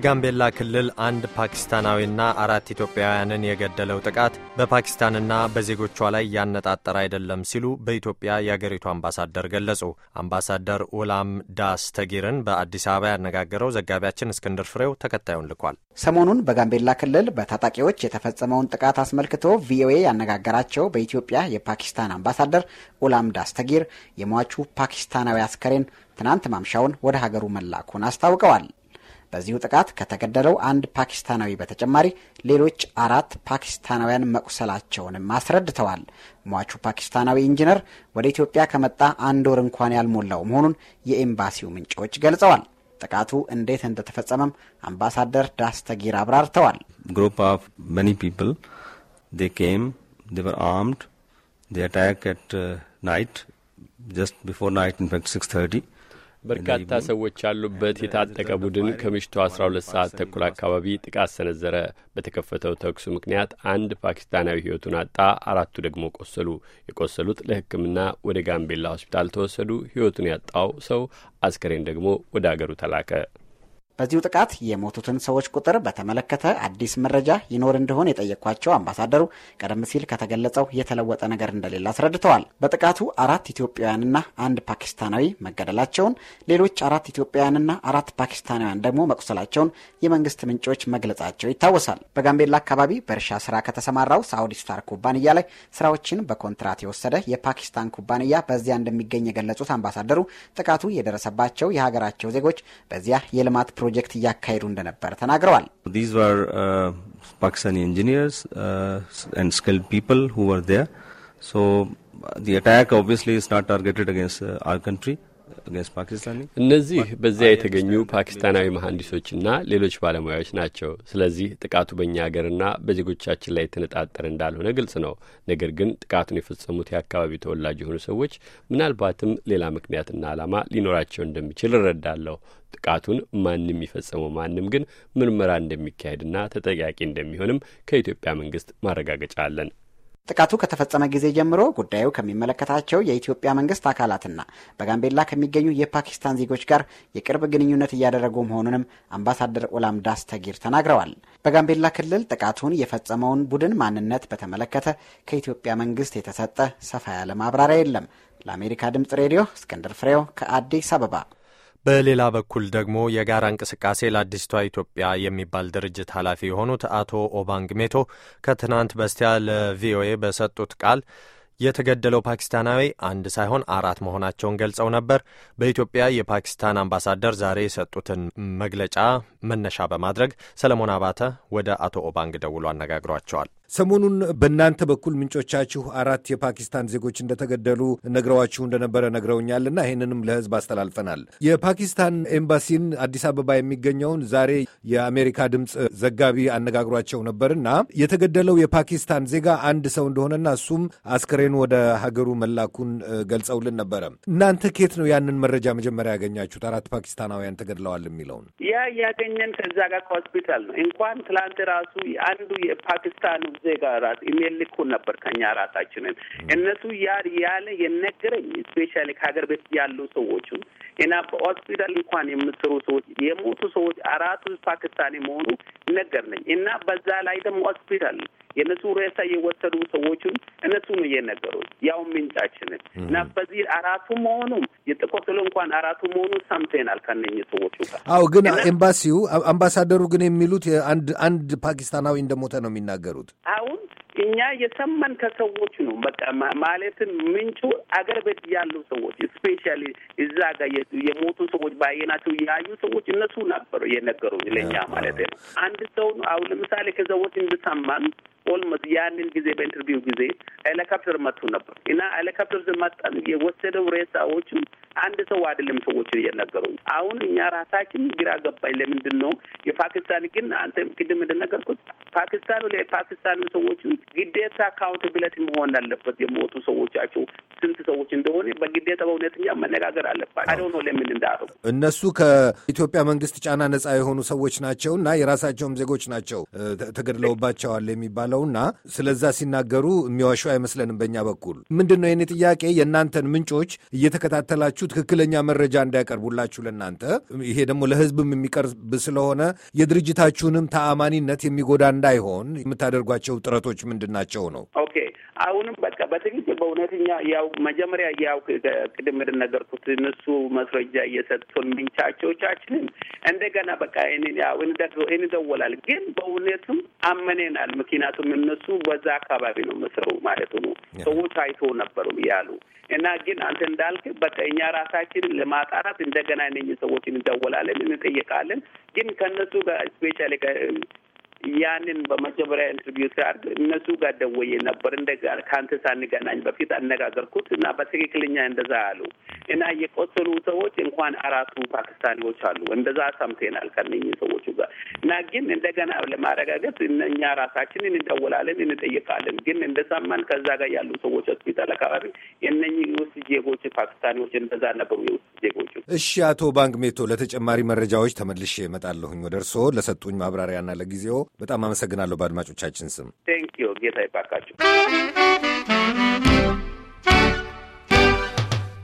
በጋምቤላ ክልል አንድ ፓኪስታናዊና አራት ኢትዮጵያውያንን የገደለው ጥቃት በፓኪስታንና በዜጎቿ ላይ ያነጣጠረ አይደለም ሲሉ በኢትዮጵያ የአገሪቱ አምባሳደር ገለጹ። አምባሳደር ኡላም ዳስ ተጊርን በአዲስ አበባ ያነጋገረው ዘጋቢያችን እስክንድር ፍሬው ተከታዩን ልኳል። ሰሞኑን በጋምቤላ ክልል በታጣቂዎች የተፈጸመውን ጥቃት አስመልክቶ ቪኦኤ ያነጋገራቸው በኢትዮጵያ የፓኪስታን አምባሳደር ኡላም ዳስ ተጊር የሟቹ ፓኪስታናዊ አስከሬን ትናንት ማምሻውን ወደ ሀገሩ መላኩን አስታውቀዋል። በዚሁ ጥቃት ከተገደለው አንድ ፓኪስታናዊ በተጨማሪ ሌሎች አራት ፓኪስታናውያን መቁሰላቸውንም አስረድተዋል። ሟቹ ፓኪስታናዊ ኢንጂነር ወደ ኢትዮጵያ ከመጣ አንድ ወር እንኳን ያልሞላው መሆኑን የኤምባሲው ምንጮች ገልጸዋል። ጥቃቱ እንዴት እንደተፈጸመም አምባሳደር ዳስተጊር አብራርተዋል። ግሩፕ ኦፍ መኒ ፒፕል ዴ ኬም ዴ ወር አርምድ ዴ አታክ አት ናይት ጀስት ቢፎር ናይት ኢንፋክት በርካታ ሰዎች ያሉበት የታጠቀ ቡድን ከምሽቱ 12 ሰዓት ተኩል አካባቢ ጥቃት ሰነዘረ። በተከፈተው ተኩሱ ምክንያት አንድ ፓኪስታናዊ ሕይወቱን አጣ፣ አራቱ ደግሞ ቆሰሉ። የቆሰሉት ለሕክምና ወደ ጋምቤላ ሆስፒታል ተወሰዱ። ሕይወቱን ያጣው ሰው አስከሬን ደግሞ ወደ አገሩ ተላከ። በዚሁ ጥቃት የሞቱትን ሰዎች ቁጥር በተመለከተ አዲስ መረጃ ይኖር እንደሆን የጠየኳቸው አምባሳደሩ ቀደም ሲል ከተገለጸው የተለወጠ ነገር እንደሌለ አስረድተዋል። በጥቃቱ አራት ኢትዮጵያውያንና አንድ ፓኪስታናዊ መገደላቸውን፣ ሌሎች አራት ኢትዮጵያውያንና አራት ፓኪስታናውያን ደግሞ መቁሰላቸውን የመንግስት ምንጮች መግለጻቸው ይታወሳል። በጋምቤላ አካባቢ በእርሻ ስራ ከተሰማራው ሳዑዲ ስታር ኩባንያ ላይ ስራዎችን በኮንትራት የወሰደ የፓኪስታን ኩባንያ በዚያ እንደሚገኝ የገለጹት አምባሳደሩ ጥቃቱ የደረሰባቸው የሀገራቸው ዜጎች በዚያ የልማት ፕሮ ፕሮጀክት እያካሄዱ እንደነበር ተናግረዋል። ፓኪስታኒ ኢንጂኒርስ ኤንድ ስኪልድ ፒፕል ሁ ወር the attack obviously is not targeted against uh, our country. እነዚህ በዚያ የተገኙ ፓኪስታናዊ መሀንዲሶችና ሌሎች ባለሙያዎች ናቸው። ስለዚህ ጥቃቱ በእኛ ሀገርና በዜጎቻችን ላይ የተነጣጠረ እንዳልሆነ ግልጽ ነው። ነገር ግን ጥቃቱን የፈጸሙት የአካባቢ ተወላጅ የሆኑ ሰዎች ምናልባትም ሌላ ምክንያትና ዓላማ ሊኖራቸው እንደሚችል እረዳለሁ። ጥቃቱን ማንም የፈጸመው ማንም ግን ምርመራ እንደሚካሄድና ተጠያቂ እንደሚሆንም ከኢትዮጵያ መንግስት ማረጋገጫ አለን። ጥቃቱ ከተፈጸመ ጊዜ ጀምሮ ጉዳዩ ከሚመለከታቸው የኢትዮጵያ መንግስት አካላትና በጋምቤላ ከሚገኙ የፓኪስታን ዜጎች ጋር የቅርብ ግንኙነት እያደረጉ መሆኑንም አምባሳደር ዳስ ተጊር ተናግረዋል። በጋምቤላ ክልል ጥቃቱን የፈጸመውን ቡድን ማንነት በተመለከተ ከኢትዮጵያ መንግስት የተሰጠ ሰፋ ያለ ማብራሪያ የለም። ለአሜሪካ ድምጽ ሬዲዮ እስክንድር ፍሬው ከአዲስ አበባ በሌላ በኩል ደግሞ የጋራ እንቅስቃሴ ለአዲስቷ ኢትዮጵያ የሚባል ድርጅት ኃላፊ የሆኑት አቶ ኦባንግ ሜቶ ከትናንት በስቲያ ለቪኦኤ በሰጡት ቃል የተገደለው ፓኪስታናዊ አንድ ሳይሆን አራት መሆናቸውን ገልጸው ነበር። በኢትዮጵያ የፓኪስታን አምባሳደር ዛሬ የሰጡትን መግለጫ መነሻ በማድረግ ሰለሞን አባተ ወደ አቶ ኦባንግ ደውሎ አነጋግሯቸዋል። ሰሞኑን በእናንተ በኩል ምንጮቻችሁ አራት የፓኪስታን ዜጎች እንደተገደሉ ነግረዋችሁ እንደነበረ ነግረውኛልና ይህንንም ለህዝብ አስተላልፈናል። የፓኪስታን ኤምባሲን አዲስ አበባ የሚገኘውን ዛሬ የአሜሪካ ድምፅ ዘጋቢ አነጋግሯቸው ነበርና የተገደለው የፓኪስታን ዜጋ አንድ ሰው እንደሆነና እሱም አስክሬን ወደ ሀገሩ መላኩን ገልጸውልን ነበረ። እናንተ ኬት ነው ያንን መረጃ መጀመሪያ ያገኛችሁት? አራት ፓኪስታናውያን ተገድለዋል የሚለውን ያ ያገኘን ከዛ ጋር ከሆስፒታል ነው። እንኳን ትላንት ራሱ አንዱ የፓኪስታኑ ዜጋ ጋር ኢሜል ልኮን ነበር ከኛ ራሳችንን እነሱ ያር ያለ የነገረኝ ስፔሻሊ ከሀገር ቤት ያሉ ሰዎችም እና በሆስፒታል እንኳን የምትሰሩ ሰዎች የሞቱ ሰዎች አራቱ ፓኪስታኒ መሆኑ ነገር ነኝ እና በዛ ላይ ደግሞ ሆስፒታል የእነሱ ሬሳ እየወሰዱ ሰዎቹን እነሱ ነው እየነገሩ ያው ምንጫችንን እና በዚህ አራቱ መሆኑም የተቆሰሉ እንኳን አራቱ መሆኑ ሰምተናል ከነኝ ሰዎቹ ጋር። አዎ ግን ኤምባሲው አምባሳደሩ ግን የሚሉት አንድ አንድ ፓኪስታናዊ እንደሞተ ነው የሚናገሩት አሁን እኛ የሰማን ከሰዎች ነው። በቃ ማለትም ምንጩ አገር ቤት ያሉ ሰዎች ስፔሻሊ እዛ ጋር የሞቱ ሰዎች ባየናቸው ያዩ ሰዎች እነሱ ነበሩ የነገሩኝ ለእኛ ማለት ነው። አንድ ሰው አሁን ለምሳሌ ከሰዎች እንድሰማን ኦልሞስት ያንን ጊዜ በኢንተርቪው ጊዜ ሄሊኮፕተር መቱ ነበር እና ሄሊኮፕተር መጣን የወሰደው ሬሳዎቹ አንድ ሰው አይደለም ሰዎች እየነገሩ አሁን እኛ ራሳችን ግራ ገባኝ። ለምንድን ነው የፓኪስታን ግን አንተ ቅድም እንደነገርኩት ፓኪስታኑ ለፓኪስታን ሰዎች ግዴታ አካውንት መሆን አለበት የሞቱ ሰዎቻቸው ስንት ሰዎች እንደሆነ በግዴታ በእውነተኛ መነጋገር አለባቸው። አደው ነው ለምን እንዳሩ እነሱ ከኢትዮጵያ መንግስት ጫና ነጻ የሆኑ ሰዎች ናቸው እና የራሳቸውም ዜጎች ናቸው ተገድለውባቸዋል የሚባለው እና ስለዛ ሲናገሩ የሚዋሹ አይመስለንም። በእኛ በኩል ምንድን ነው የኔ ጥያቄ የእናንተን ምንጮች እየተከታተላችሁ ትክክለኛ መረጃ እንዳያቀርቡላችሁ ለእናንተ ይሄ ደግሞ ለህዝብም የሚቀርብ ስለሆነ የድርጅታችሁንም ተአማኒነት የሚጎዳ እንዳይሆን የምታደርጓቸው ጥረቶች ምንድን ናቸው ነው? ኦኬ አሁንም በቃ በትክክል በእውነተኛ ያው መጀመሪያ ያው ቅድም እንደነገርኩት እነሱ መስረጃ እየሰጡን ምንቻቸዎቻችንን እንደገና በቃ እንደወላል ግን በእውነቱም አመኔናል። ምክንያቱም እነሱ በዛ አካባቢ ነው መስረው ማለት ነው ሰዎች አይቶ ነበሩ ያሉ እና ግን አንተ እንዳልክ በቃ እኛ ራሳችን ለማጣራት እንደገና እነኝህ ሰዎች እንደወላለን፣ እንጠየቃለን ግን ከእነሱ ጋር ስፔሻሊ ያንን በመጀመሪያ ኢንተርቪው ሳርግ እነሱ ጋር ደወዬ ነበር። እንደ ከአንተ ሳንገናኝ በፊት አነጋገርኩት እና በትክክለኛ እንደዛ አሉ። እና የቆሰሉ ሰዎች እንኳን አራቱ ፓኪስታኒዎች አሉ። እንደዛ ሰምተናል ከነኝ ሰዎቹ ጋር እና ግን እንደገና ለማረጋገጥ እኛ ራሳችንን እንደወላለን፣ እንጠይቃለን። ግን እንደሰማን ከዛ ጋር ያሉ ሰዎች ሆስፒታል አካባቢ የእነኝህ የውስጥ ዜጎች ፓኪስታኒዎች እንደዛ ነበሩ፣ የውስጥ ዜጎች። እሺ፣ አቶ ባንክ ሜቶ ለተጨማሪ መረጃዎች ተመልሼ እመጣለሁኝ ወደ እርስዎ። ለሰጡኝ ማብራሪያና ለጊዜው በጣም አመሰግናለሁ። በአድማጮቻችን ስም ቴንኪዩ። ጌታ ይባርካችሁ።